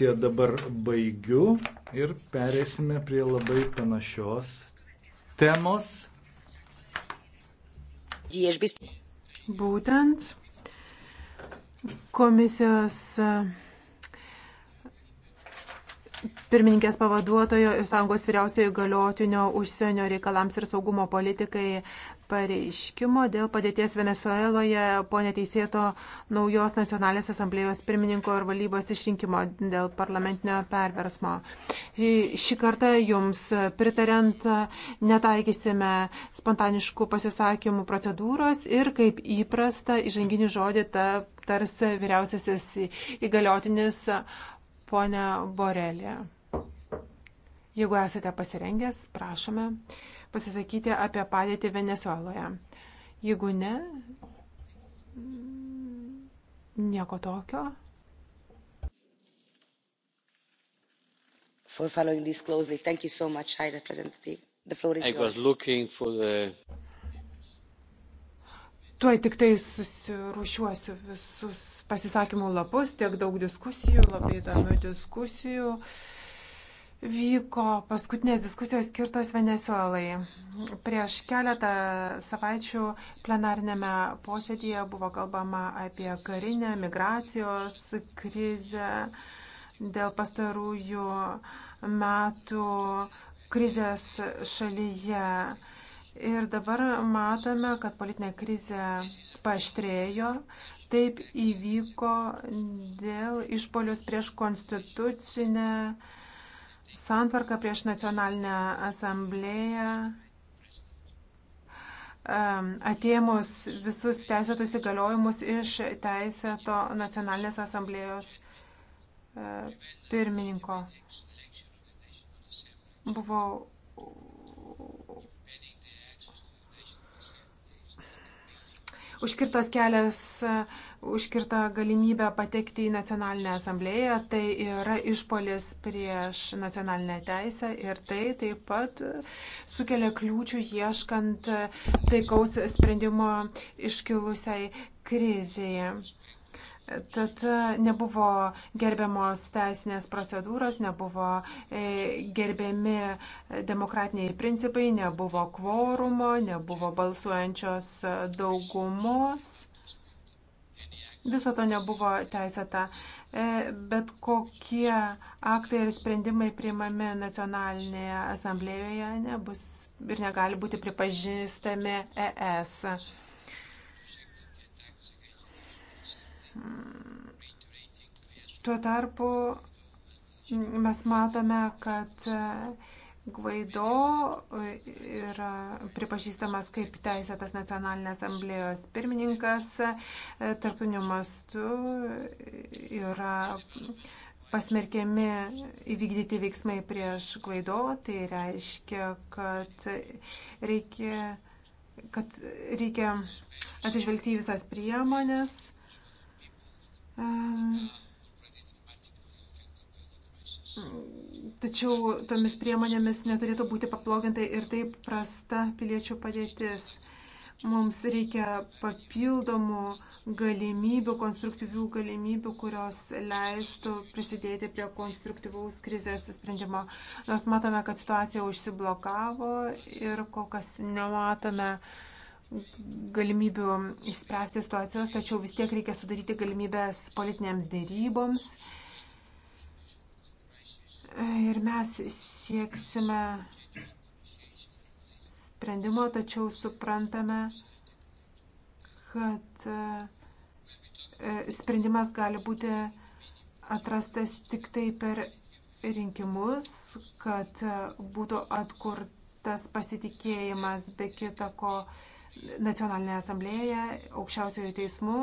sesiją dabar baigiu ir pereisime prie labai panašios temos. Būtent komisijos e, pirmininkės pavaduotojo ir sąjungos vyriausiojo įgaliotinio užsienio reikalams ir saugumo politikai pareiškimo dėl padėties Venezueloje po neteisėto naujos nacionalinės asamblėjos pirmininko ir valdybos išrinkimo dėl parlamentinio perversmo. Šį kartą jums pritarent netaikysime spontaniškų pasisakymų procedūros ir kaip įprasta įžanginį žodį tars vyriausiasis įgaliotinis ponia Borelė. Jeigu esate pasirengęs, prašome pasisakyti apie padėtį Venezueloje? Jeigu ne, nieko tokio. For following this closely. Thank you so much, High Representative. The floor is I yours. was looking for the Tuoj tik tai susirušiuosiu visus pasisakymų lapus, tiek daug diskusijų, labai įdomių diskusijų. Uh, vyko paskutinės diskusijos skirtos Venezuelai. Prieš keletą savaičių plenarinėme posėdėje buvo kalbama apie karinę migracijos krizę dėl pastarųjų metų krizės šalyje. Ir dabar matome, kad politinė krizė paštrėjo. Taip įvyko dėl išpolius prieš konstitucinę uh, santvarka prieš nacionalinę asamblėją atėmus visus teisėtus įgaliojimus iš teisėto nacionalinės asamblėjos e, pirmininko. Buvo užkirtas kelias, užkirta galimybė patekti į nacionalinę asamblėją, tai yra išpolis prieš nacionalinę teisę ir tai taip pat sukelia kliūčių ieškant taikaus sprendimo iškilusiai krizėje. Tad e, nebuvo gerbiamos teisinės procedūros, nebuvo e, gerbiami demokratiniai principai, nebuvo kvorumo, nebuvo balsuojančios daugumos. Viso to nebuvo teisėta. E, bet kokie aktai ir sprendimai priimami nacionalinėje asamblėjoje nebus ir negali būti pripažįstami ES. Tuo tarpu mes matome, kad Gvaido yra pripažįstamas kaip teisėtas nacionalinės asamblėjos pirmininkas, tarptautiniu mastu yra pasmerkiami įvykdyti veiksmai prieš Gvaido, tai reiškia, kad reikia, kad reikia atsižvelgti į visas priemonės Tačiau tomis priemonėmis neturėtų būti paploginta ir taip prasta piliečių padėtis. Mums reikia papildomų galimybių, konstruktyvių galimybių, kurios leistų prisidėti prie konstruktyvaus krizės sprendimo. Nors matome, kad situacija užsiblokavo ir kol kas nematome uh, galimybių išspręsti situacijos, tačiau vis tiek reikia sudaryti galimybės politinėms dėryboms. Ir mes sieksime sprendimo, tačiau suprantame, kad e, sprendimas gali būti atrastas tik tai per rinkimus, kad e, būtų atkurtas pasitikėjimas be kita ko. Uh, nacionalinėje asamblėje, aukščiausiojo teismu,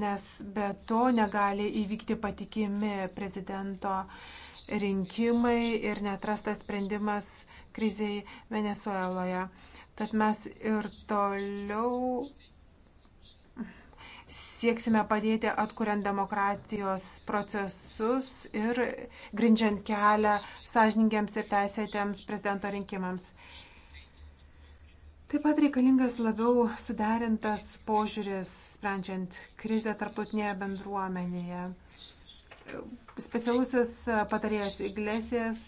nes be to negali įvykti patikimi prezidento rinkimai ir netrastas sprendimas kriziai Venezueloje. Tad mes ir toliau sieksime padėti atkuriant demokratijos procesus ir grindžiant kelią sąžiningiams ir teisėtiems prezidento rinkimams. Taip pat reikalingas labiau suderintas požiūris, sprendžiant krizę tarptautinėje bendruomenėje. Specialusis patarėjas Iglesijas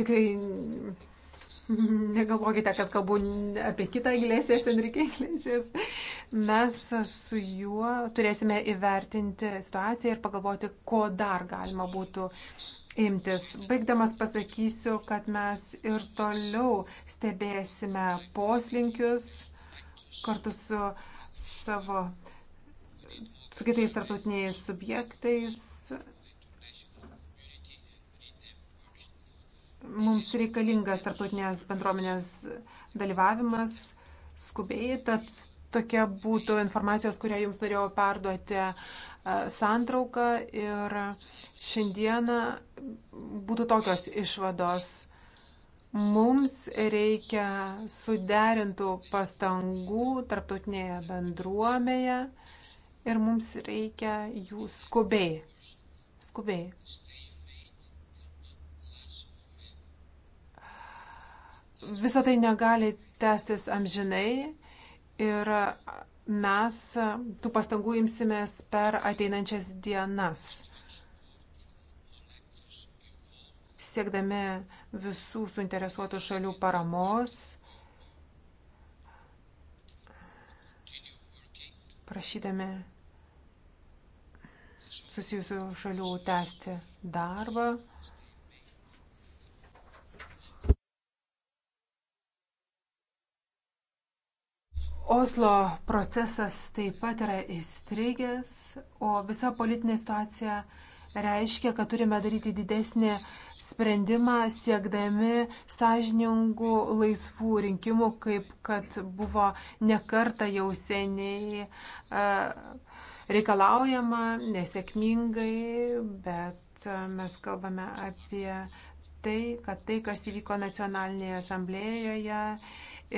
tikrai negalvokite, kad kalbu apie kitą Iglesijas, Enrique Iglesijas. Mes su juo turėsime įvertinti situaciją ir pagalvoti, ko dar galima būtų imtis. Baigdamas pasakysiu, kad mes ir toliau stebėsime poslinkius kartu su savo, su kitais tarptautiniais subjektais. Mums reikalingas tarptautinės bendruomenės dalyvavimas skubiai, tad tokia būtų informacijos, kurią jums norėjau perduoti santrauką ir šiandieną būtų tokios išvados. Mums reikia suderintų pastangų tarptautinėje bendruomėje ir mums reikia jų skubiai. Skubiai. Visą tai negali tęstis amžinai ir mes e, tų pastangų imsimės per ateinančias dienas, siekdami visų suinteresuotų šalių paramos. prašydami susijusių šalių tęsti darbą. Oslo procesas taip pat yra įstrigęs, o visa politinė situacija reiškia, kad turime daryti didesnį sprendimą siekdami sąžiningų laisvų rinkimų, kaip kad buvo nekarta jau seniai e, reikalaujama, nesėkmingai, bet e, mes kalbame apie tai, kad tai, kas įvyko nacionalinėje asamblėjoje,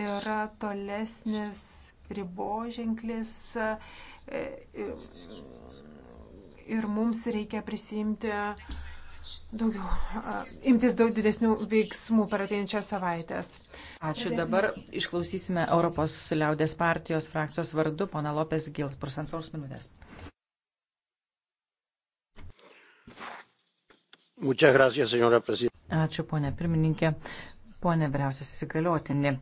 yra tolesnis riboženklis e, ir mums reikia prisimti daugiau, e, imtis daug didesnių veiksmų per ateinančias savaitės. Ačiū. Dabar išklausysime Europos liaudės partijos frakcijos vardu, pana Lopes Gils, pusantros minutės. Ačiū, ponė pirmininkė, ponė vyriausias įsigaliotinė.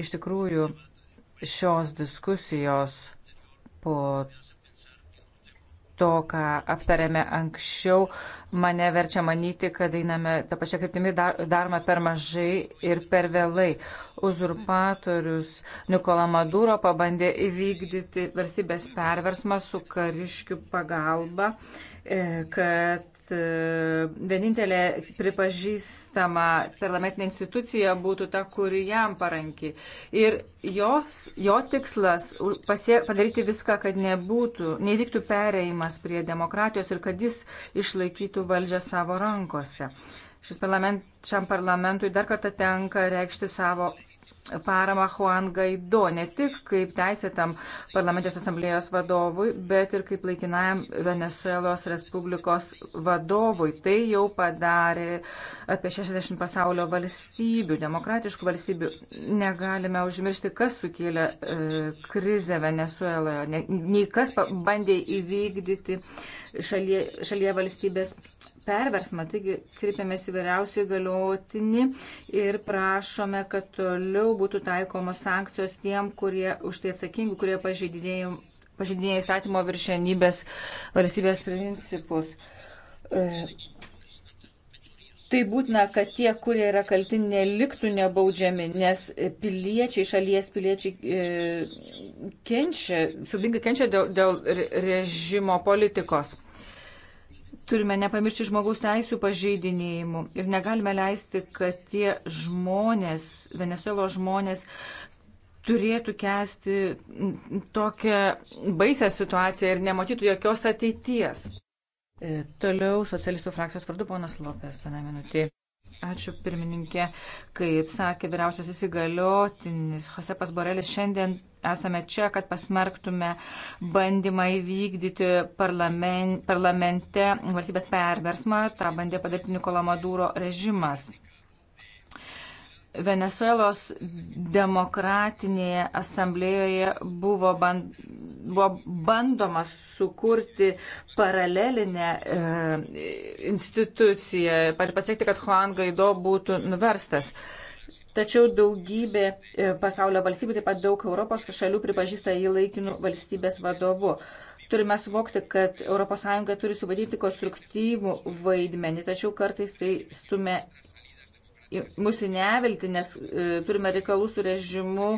Iš tikrųjų, šios diskusijos po to, ką aptarėme anksčiau, mane verčia manyti, kad einame tą pačią kryptimį, dar, darome per mažai ir per vėlai. Uzurpatorius Nikola Maduro pabandė įvykdyti valstybės perversmą su kariškių pagalba, e, kad kad e, vienintelė pripažįstama parlamentinė institucija būtų ta, kuri jam paranki. Ir jos, jo tikslas pasie, padaryti viską, kad nebūtų, nevyktų pereimas prie demokratijos ir kad jis išlaikytų valdžią savo rankose. Parlament, šiam parlamentui dar kartą tenka reikšti savo paramą Juan Gaido, ne tik kaip teisėtam parlamentės asamblėjos vadovui, bet ir kaip laikinajam Venezuelos Respublikos vadovui. Tai jau padarė apie 60 pasaulio valstybių, demokratiškų valstybių. Negalime užmiršti, kas sukėlė e, krizę Venezueloje, ne, nei kas bandė įvykdyti šalie, šalie valstybės perversmą. Taigi kreipiamės į vyriausiai galiotinį ir prašome, kad toliau būtų taikomos sankcijos tiem, kurie už tai atsakingi, kurie pažydinėja įstatymo viršenybės valstybės principus. E, tai būtina, kad tie, kurie yra kalti, neliktų nebaudžiami, nes piliečiai, šalies piliečiai e, kenčia, subingai kenčia dėl, dėl režimo politikos. Turime nepamiršti žmogaus teisų pažeidinėjimų ir negalime leisti, kad tie žmonės, Venezuelo žmonės, turėtų kesti tokią baisę situaciją ir nematytų jokios ateities. E, toliau socialistų frakcijos vardu ponas Lopės, vieną minutį. Ačiū pirmininkė. Kaip sakė vyriausias įsigaliotinis Josepas Borelis, šiandien esame čia, kad pasmerktume bandymą įvykdyti parlamente valstybės perversmą. Ta bandė padaryti Nikola Maduro režimas. Venezuelos demokratinėje asamblėjoje buvo, band, buvo bandoma sukurti paralelinę e, instituciją ir pasiekti, kad Juan Gaido būtų nuverstas. Tačiau daugybė e, pasaulio valstybių, taip pat daug Europos šalių pripažįsta jį laikinų valstybės vadovu. Turime suvokti, kad ES turi suvadyti konstruktyvų vaidmenį, tačiau kartais tai stumia mūsų nevilti, nes e, turime reikalų su režimu,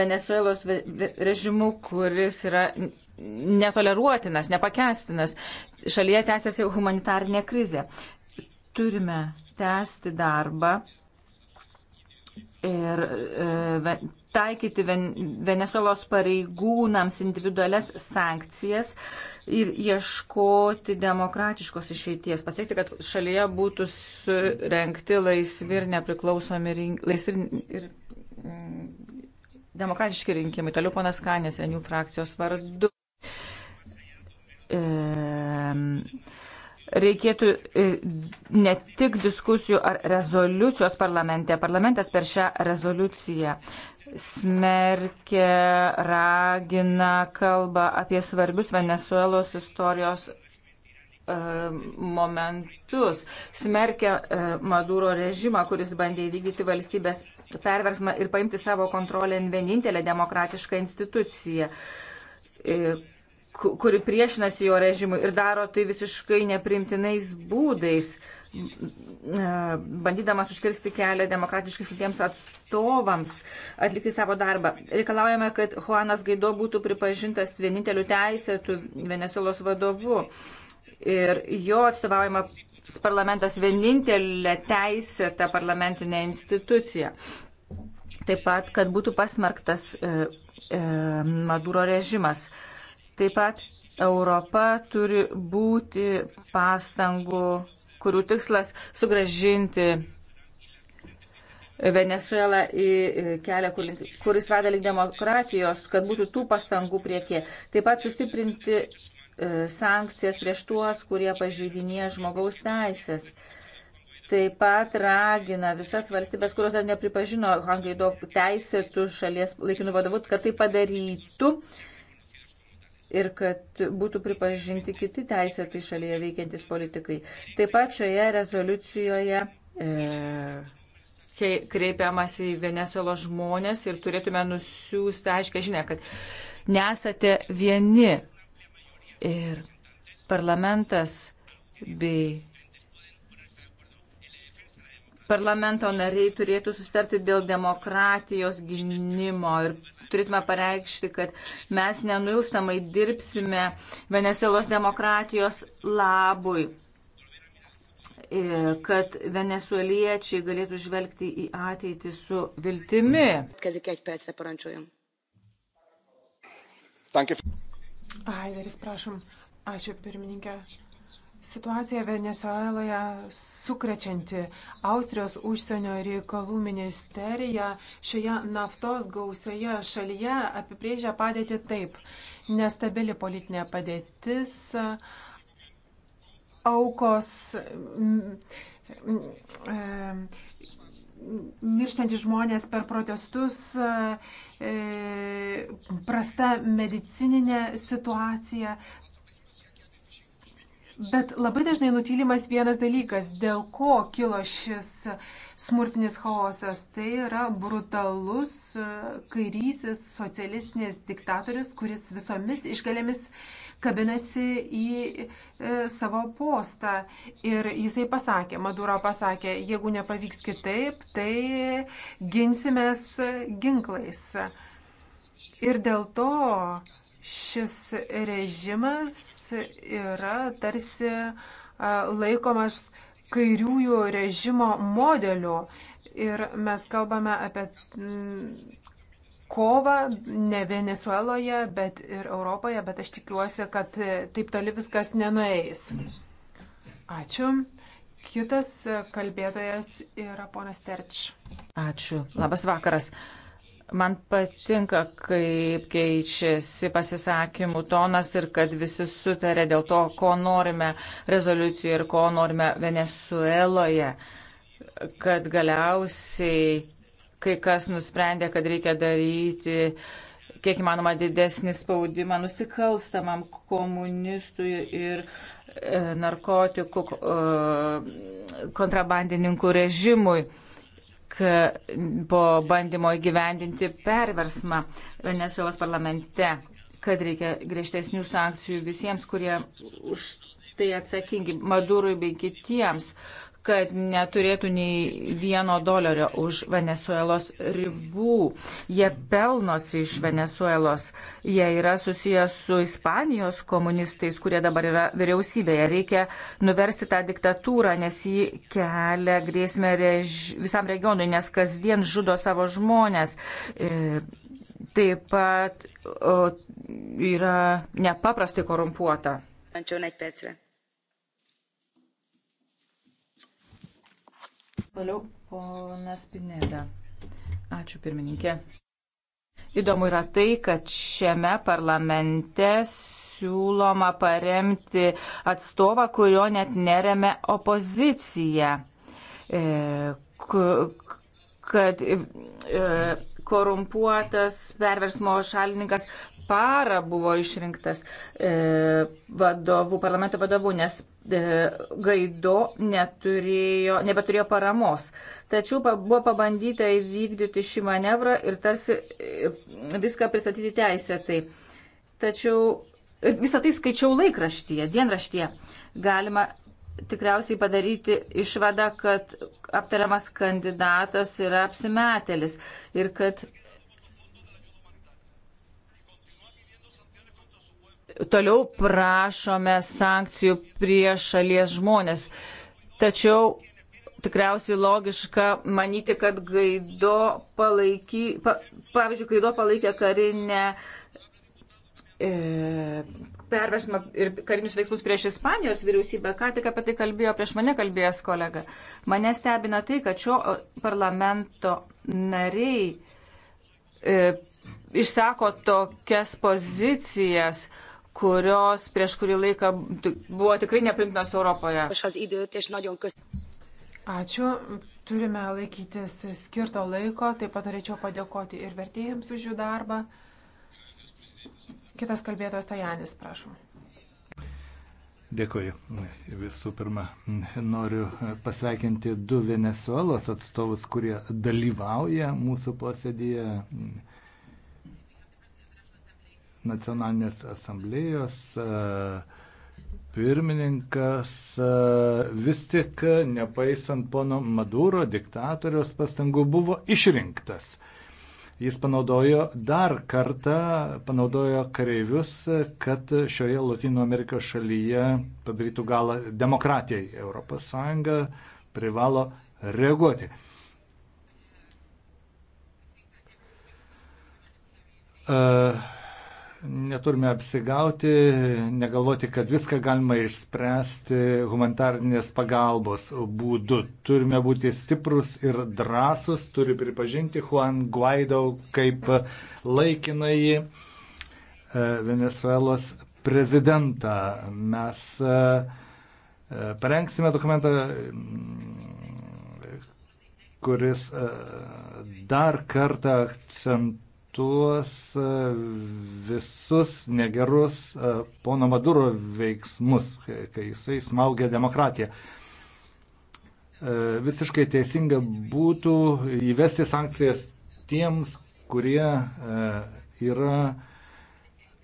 Venezuelos režimu, kuris yra netoleruotinas, nepakestinas. Šalyje tęsiasi humanitarinė krizė. Turime tęsti darbą ir e, taikyti Venezuelos pareigūnams individualias sankcijas ir ieškoti demokratiškos išeities, pasiekti, kad šalyje būtų surenkti laisvi ir nepriklausomi rink, laisvi ir, mm, demokratiški rinkimai. Toliau ponas Kanės, Renių frakcijos vardu. E, reikėtų ne tik diskusijų ar rezoliucijos parlamente. Parlamentas per šią rezoliuciją smerkia, ragina, kalba apie svarbius Venezuelos istorijos e, momentus, smerkia e, Maduro režimą, kuris bandė įvykdyti valstybės perversmą ir paimti savo kontrolę vienintelę demokratišką instituciją, e, kuri priešinasi jo režimui ir daro tai visiškai neprimtinais būdais bandydamas užkirsti kelią demokratiškai išrinktiems atstovams atlikti savo darbą. Reikalaujame, kad Juanas Gaido būtų pripažintas vieninteliu teisėtų Venezuelos vadovu ir jo atstovaujama parlamentas vienintelė teisėta parlamentinė institucija. Taip pat, kad būtų pasmerktas e, e, Maduro režimas. Taip pat Europa turi būti pastangų kurių tikslas sugražinti Venezuelą į kelią, kuris veda link demokratijos, kad būtų tų pastangų priekyje. Taip pat sustiprinti e, sankcijas prieš tuos, kurie pažeidinėja žmogaus teisės. Taip pat ragina visas valstybės, kurios dar nepripažino Hangaido teisėtų šalies laikinų vadovų, kad tai padarytų. Uh, ir kad būtų pripažinti kiti teisėtai šalyje veikiantis politikai. Taip pat šioje rezoliucijoje e, kreipiamas į Venezuelo žmonės ir turėtume nusiųsti aiškę žinę, kad nesate vieni. Ir parlamentas bei parlamento nariai turėtų sustarti dėl demokratijos gynimo ir turėtume pareikšti, kad mes nenuilstamai dirbsime Venezuelos demokratijos labui kad venezueliečiai galėtų žvelgti į ateitį su viltimi. Aideris, prašom. Ačiū pirmininkė. Situacija Venezueloje sukrečianti. Austrijos užsienio reikalų ministerija šioje naftos gausioje šalyje apibrėžia padėtį taip. Nestabili politinė padėtis, aukos, e, mirštantys žmonės per protestus, e, prasta medicininė situacija. Bet labai dažnai nutylimas vienas dalykas, dėl ko kilo šis smurtinis chaosas. Tai yra brutalus e, kairysis socialistinis diktatorius, kuris visomis išgalėmis kabinasi į e, savo postą. Ir jisai pasakė, Maduro pasakė, jeigu nepavyks kitaip, tai ginsimės ginklais. Ir dėl to šis režimas yra tarsi laikomas kairiųjų režimo modeliu. Ir mes kalbame apie mm, kovą ne Venezueloje, bet ir Europoje, bet aš tikiuosi, kad taip toli viskas nenueis. Ačiū. Kitas kalbėtojas yra ponas Terč. Ačiū. Labas vakaras. Uh, Man patinka, kaip keičiasi pasisakymų tonas ir kad visi sutarė dėl to, ko norime rezoliucijoje ir ko norime Venezueloje. Kad galiausiai kai kas nusprendė, kad reikia daryti kiek įmanoma didesnį spaudimą nusikalstamam komunistui ir e, narkotikų e, kontrabandininkų režimui tik e, po bandymo įgyvendinti perversmą Venezuelos parlamente, kad reikia griežtesnių sankcijų visiems, kurie už tai atsakingi Madurui bei kitiems, kad neturėtų nei vieno dolerio už Venezuelos ribų. Jie pelnosi iš Venezuelos. Jie yra susijęs su Ispanijos komunistais, kurie dabar yra vyriausybėje. Reikia nuversti tą diktatūrą, nes ji kelia grėsmę rež... visam regionui, nes kasdien žudo savo žmonės. E... Taip pat o, yra nepaprastai korumpuota. Ančiau net pėtsrė Toliau ponas Pineda. Ačiū pirmininkė. Įdomu yra tai, kad šiame parlamente siūloma paremti atstovą, kurio net neremia opozicija. E, kad e, korumpuotas perversmo šalininkas para buvo išrinktas e, vadovų, parlamento vadovų, nes e, Gaido neturėjo, nebeturėjo paramos. Tačiau pa, buvo pabandyta įvykdyti šį manevrą ir tarsi e, viską pristatyti teisėtai. Tačiau visą tai skaičiau laikraštyje, dienraštyje. Galima tikriausiai padaryti išvadą, kad aptariamas kandidatas yra apsimetelis ir kad toliau prašome sankcijų prieš šalies žmonės. Tačiau tikriausiai logiška manyti, kad Gaido palaiky, pa, pavyzdžiui, Gaido palaikė karinę e, perversmą ir karinius veiksmus prieš Ispanijos vyriausybę, ką tik apie tai kalbėjo prieš mane kalbėjęs kolega. Mane stebina tai, kad šio e, parlamento nariai e, išsako tokias pozicijas, kurios prieš kurį laiką buvo tikrai neprimtinos Europoje. Ačiū. Turime laikytis skirto laiko. Taip pat norėčiau padėkoti ir vertėjams už jų darbą. Kitas kalbėtojas Tajanis, prašom. Dėkuoju. Visų pirma, noriu pasveikinti du Venezuelos atstovus, kurie dalyvauja mūsų posėdėje nacionalinės asamblėjos pirmininkas vis tik, nepaisant pono Maduro diktatoriaus pastangų, buvo išrinktas jis panaudojo dar kartą, panaudojo kareivius, kad šioje Latino Amerikos šalyje padarytų galą demokratijai. ES privalo reaguoti. Uh, Neturime apsigauti, negalvoti, kad viską galima išspręsti humanitarnės pagalbos būdu. Turime būti stiprus ir drąsus, turi pripažinti Juan Guaido kaip laikinai e, Venezuelos prezidentą. Mes e, e, parengsime dokumentą kuris dar kartą akcentuoja tuos e, visus negerus e, pono Maduro veiksmus, kai jisai smaugia demokratiją. E, visiškai teisinga būtų įvesti sankcijas tiems, kurie yra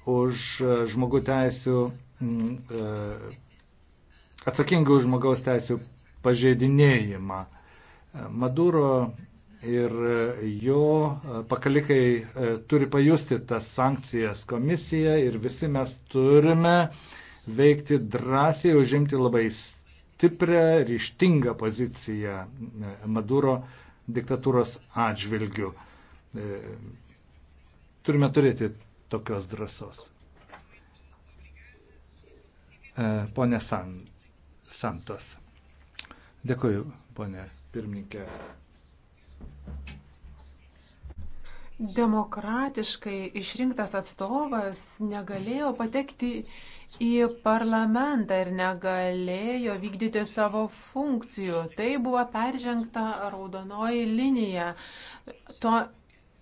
už žmogų teisų, atsakingi už žmogaus teisų pažeidinėjimą. Maduro ir e, jo e, pakalikai e, turi pajusti tas sankcijas komisija ir visi mes turime veikti drąsiai, užimti labai stiprią, ryštingą poziciją Maduro diktatūros atžvilgių. Turime turėti tokios drąsos. Pone San, Santos. Dėkuoju, ponė pirmininkė. demokratiškai išrinktas atstovas negalėjo patekti į parlamentą ir negalėjo vykdyti savo funkcijų. Tai buvo peržengta raudonoji linija. To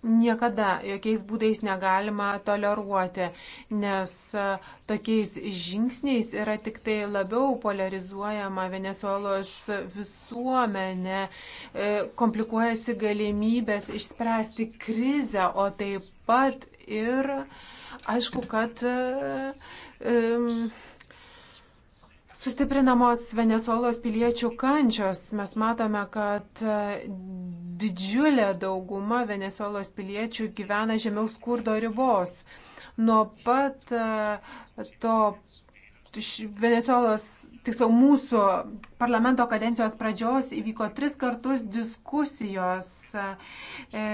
niekada jokiais būdais negalima toleruoti, nes e, tokiais žingsniais yra tik tai labiau polarizuojama Venezuelos visuomenė, e, komplikuojasi galimybės išspręsti krizę, o taip pat ir aišku, kad um, Sustiprinamos Venezuelos piliečių kančios. Mes matome, kad e, didžiulė dauguma Venezuelos piliečių gyvena žemiau skurdo ribos. Nuo pat e, to Venezuelos, tiksliau mūsų parlamento kadencijos pradžios įvyko tris kartus diskusijos, e,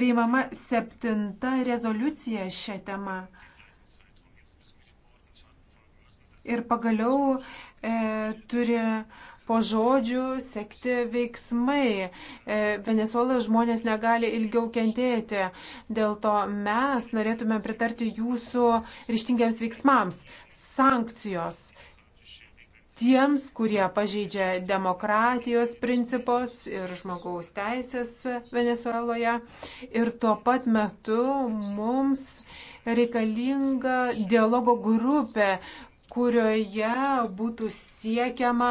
priimama septinta rezoliucija šią temą. ir pagaliau e, turi po žodžių sekti veiksmai. E, Venezuelos žmonės negali ilgiau kentėti. Dėl to mes norėtume pritarti jūsų ryštingiams veiksmams. Sankcijos tiems, kurie pažeidžia demokratijos principus ir žmogaus teisės Venezueloje. Ir tuo pat metu mums reikalinga dialogo grupė, kurioje būtų siekiama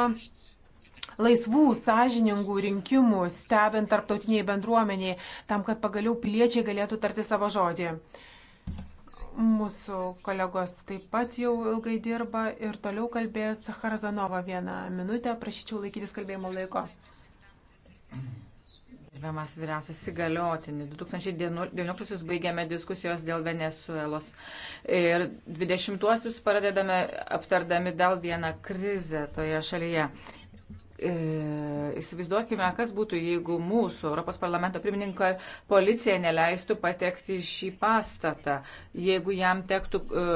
laisvų, sąžiningų rinkimų, stebint tarptautiniai bendruomeniai, tam, kad pagaliau piliečiai galėtų tarti savo žodį. Mūsų kolegos taip pat jau ilgai dirba ir toliau kalbės Harazanova vieną minutę. Prašyčiau laikytis kalbėjimo laiko. Gerbiamas vyriausias įgaliotinį. 2019 baigėme diskusijos dėl Venezuelos ir 20-uosius pradedame aptardami dar vieną krizę toje šalyje. E, įsivaizduokime, kas būtų, jeigu mūsų Europos parlamento pirmininko policija neleistų patekti į šį pastatą, jeigu jam tektų e,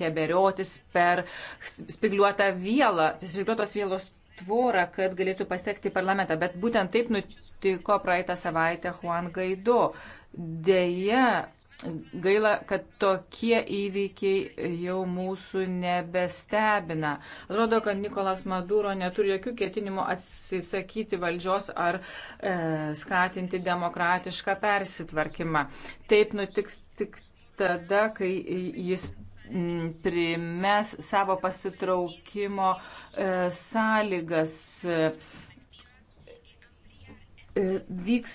keberiotis per spigliuotą vielą, spigliuotos vielos tvorą, kad galėtų pasiekti parlamentą. Bet būtent taip nutiko praeitą savaitę Juan Gaido. Deja, gaila, kad tokie įvykiai jau mūsų nebestebina. Atrodo, kad Nikolas Maduro neturi jokių ketinimų atsisakyti valdžios ar e, skatinti demokratišką persitvarkymą. Taip nutiks tik tada, kai jis primes savo pasitraukimo e, sąlygas. E, e vyks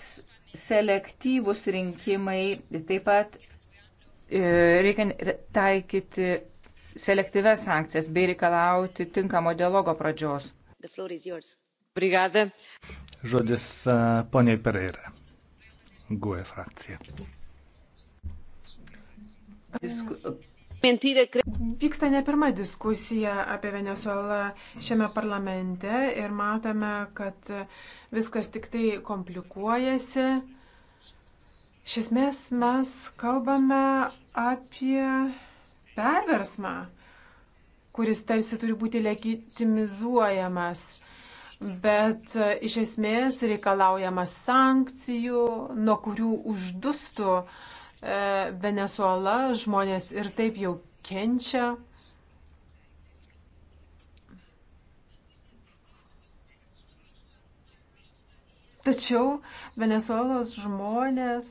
selektyvus rinkimai, taip pat e, reikia taikyti selektyves sankcijas bei reikalauti tinkamo dialogo pradžios. Brigada. Žodis e, poniai Pereira. GUE frakcija. Disku, Vyksta ne pirma diskusija apie Venezuelą šiame parlamente ir matome, kad viskas tik tai komplikuojasi. Iš esmės mes kalbame apie perversmą, kuris tarsi turi būti legitimizuojamas, bet e, iš esmės reikalaujama sankcijų, nuo kurių uždustų uh, E, Venezuela žmonės ir taip jau kenčia. Tačiau Venezuelos žmonės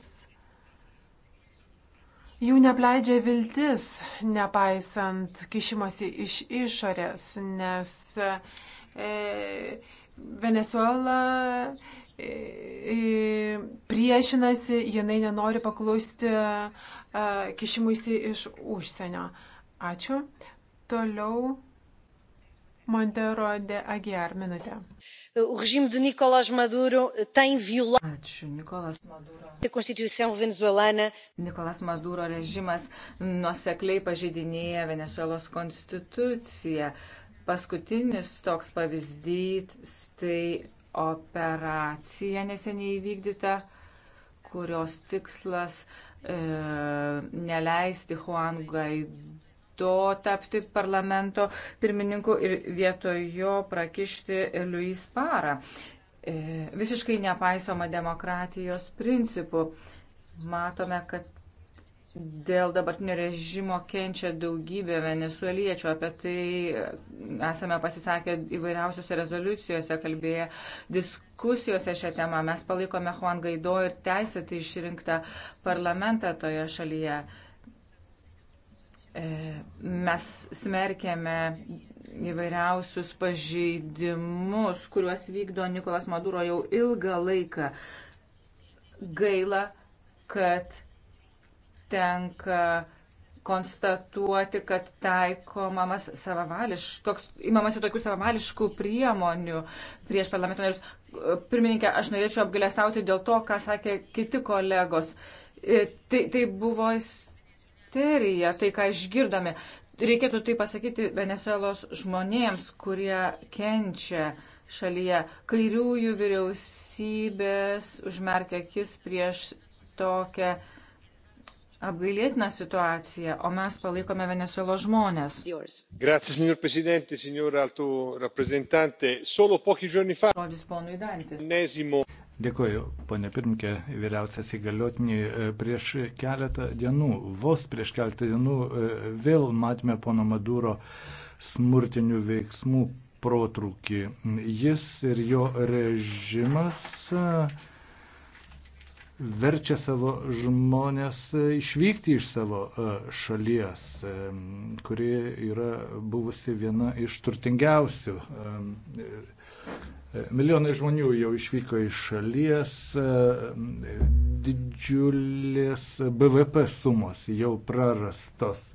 jų nepleidžia viltis, nepaisant kišimosi iš išorės, nes e, Venezuela E, e, priešinasi, jinai nenori paklusti e, kišimuisi iš užsienio. Ačiū. Toliau Montero de Aguiar minutė. Ačiū, Nikolas Maduro. Nikolas Maduro režimas nusekliai pažeidinėja Venezuelos konstituciją. Paskutinis toks pavyzdys tai operacija neseniai įvykdyta, kurios tikslas e, neleisti Juan Guaido tapti parlamento pirmininku ir vietoj jo prakišti Luis Parą. E, visiškai nepaisoma demokratijos principų. Matome, kad Dėl dabartinio režimo kenčia daugybė venezueliečių, apie tai esame pasisakę įvairiausiose rezoliucijose, kalbėję diskusijose šią temą. Mes palaikome Juan Gaido ir teisėtai išrinktą parlamentą toje šalyje. E, mes smerkėme įvairiausius pažeidimus, kuriuos vykdo Nikolas Maduro jau ilgą laiką. Gaila, kad tenka konstatuoti, kad taikomamas savavališkas, toks, imamasi tokių savavališkų priemonių prieš parlamento narius. Pirmininkė, aš norėčiau apgailestauti dėl to, ką sakė kiti kolegos. E, tai, tai buvo isterija, tai ką išgirdome. Reikėtų tai pasakyti Venezuelos žmonėms, kurie kenčia šalyje. Kairiųjų vyriausybės užmerkia akis prieš tokią apgailėtiną situaciją, o mes palaikome Venezuelos žmonės. Grazie, signor Presidente, signor Alto Reprezentante. Solo pochi giorni fa. Žodis ponui Dantį. Nesimo. Dėkuoju, ponė pirmkė, vyriausias įgaliotinį. E, prieš keletą dienų, vos prieš keletą dienų, e, vėl matėme pono Maduro smurtinių veiksmų protrūkį. Jis ir jo režimas uh, verčia savo žmonės e, išvykti iš savo e, šalies, e, kuri yra buvusi viena iš turtingiausių. Milijonai žmonių jau išvyko iš šalies, didžiulės BVP sumos jau prarastos.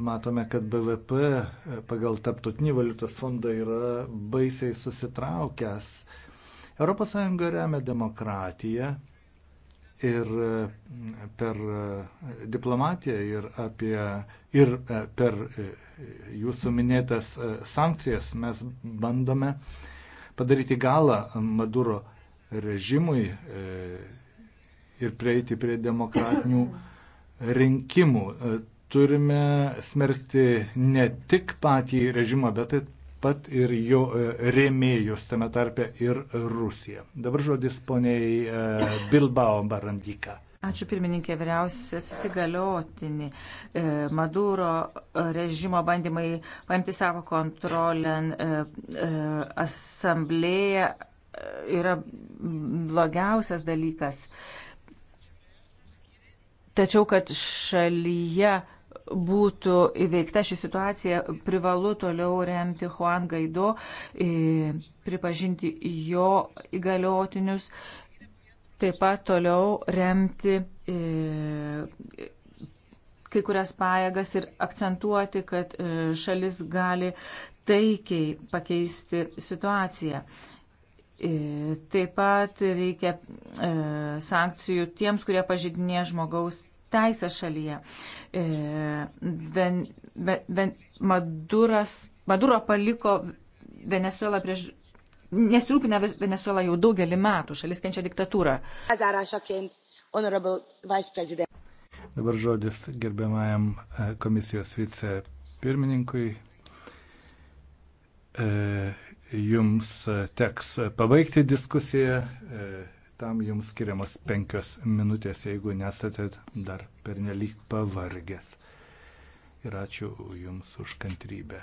matome, kad BVP e, pagal Taptutinį valiutos fondą yra baisiai susitraukęs. ES remia demokratiją ir e, per e, diplomatiją ir, apie, ir per jūsų minėtas sankcijas mes bandome padaryti galą Maduro režimui ir prieiti prie demokratinių rinkimų turime smerkti ne tik patį režimą, bet taip pat ir jo e, rėmėjus, tame tarpe ir Rusiją. Dabar žodis poniai e, Bilbao Barandyka. Ačiū pirmininkė vyriausias įsigaliotinį. E, Maduro režimo bandymai paimti savo kontrolę asamblėje yra blogiausias dalykas. Tačiau, kad šalyje būtų įveikta ši situacija, privalu toliau remti Juan Gaido, e, pripažinti jo įgaliotinius, taip pat toliau remti e, kai kurias pajėgas ir akcentuoti, kad e, šalis gali taikiai pakeisti situaciją. Taip pat reikia sankcijų tiems, kurie pažydinė žmogaus teisę šalyje. E, ven, ven, ven, Maduras, Maduro paliko Venezuelą prieš. Nesirūpina Venezuela jau daugelį metų, šalis kenčia diktatūrą. Dabar žodis gerbiamajam e, komisijos vicepirmininkui. E, jums teks pabaigti diskusiją. Tam jums skiriamas penkios minutės, jeigu nesate dar pernelyg pavargęs. Ir ačiū jums už kantrybę.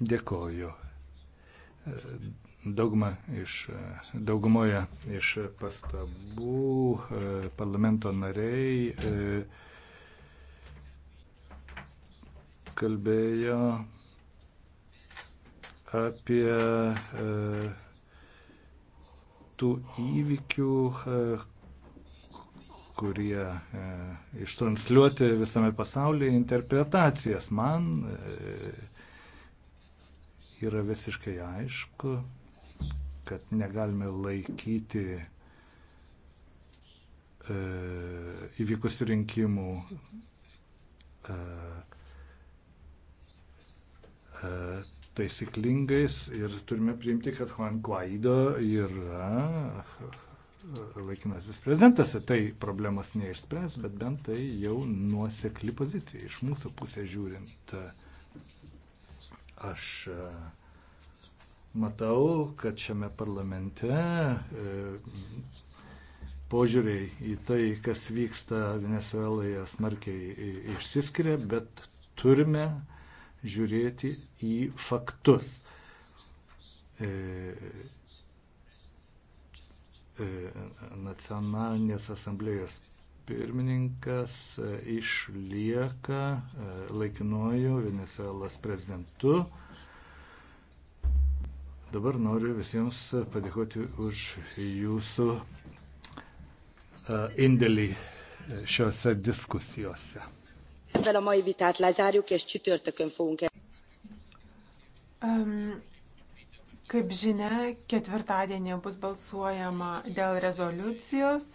Dėkoju. Dauguma iš, daugumoje iš pastabų e, parlamento nariai e, kalbėjo apie e, tų įvykių, e, kurie e, ištransliuoti visame pasaulyje interpretacijas. Man e, yra visiškai aišku, kad negalime laikyti įvykusių rinkimų E, taisyklingais ir turime priimti, kad Juan Guaido yra e, laikinasis prezidentas. Tai problemas neišspręs, bet bent tai jau nuosekli pozicija iš mūsų pusės žiūrint. Aš e, matau, kad šiame parlamente požiūriai į tai, kas vyksta Venezueloje, smarkiai išsiskiria, bet turime uh, žiūrėti į faktus. E, e, nacionalinės asamblėjos pirmininkas e, išlieka e, laikinuoju Venezuelos prezidentu. Dabar noriu visiems padėkoti už jūsų e, indėlį e, šiuose diskusijose. Ebben a mai vitát lezárjuk, és csütörtökön fogunk. Um, kaip žinia, ketvirtadienį bus balsuojama dėl rezoliucijos.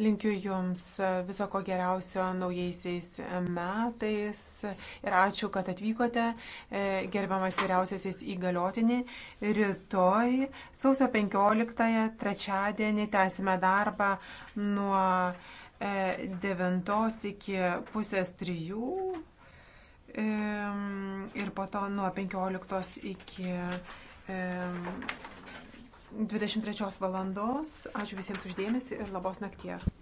Linkiu Jums viso ko geriausio naujaisiais metais ir ačiū, kad atvykote, e, gerbiamas vyriausiasis įgaliotinį. Rytoj, sausio 15-ąją, trečiadienį, tęsime darbą nuo 9 e iki pusės 3 ir po to nuo 15 iki 23 valandos. Ačiū visiems uždėmesi ir labos nakties.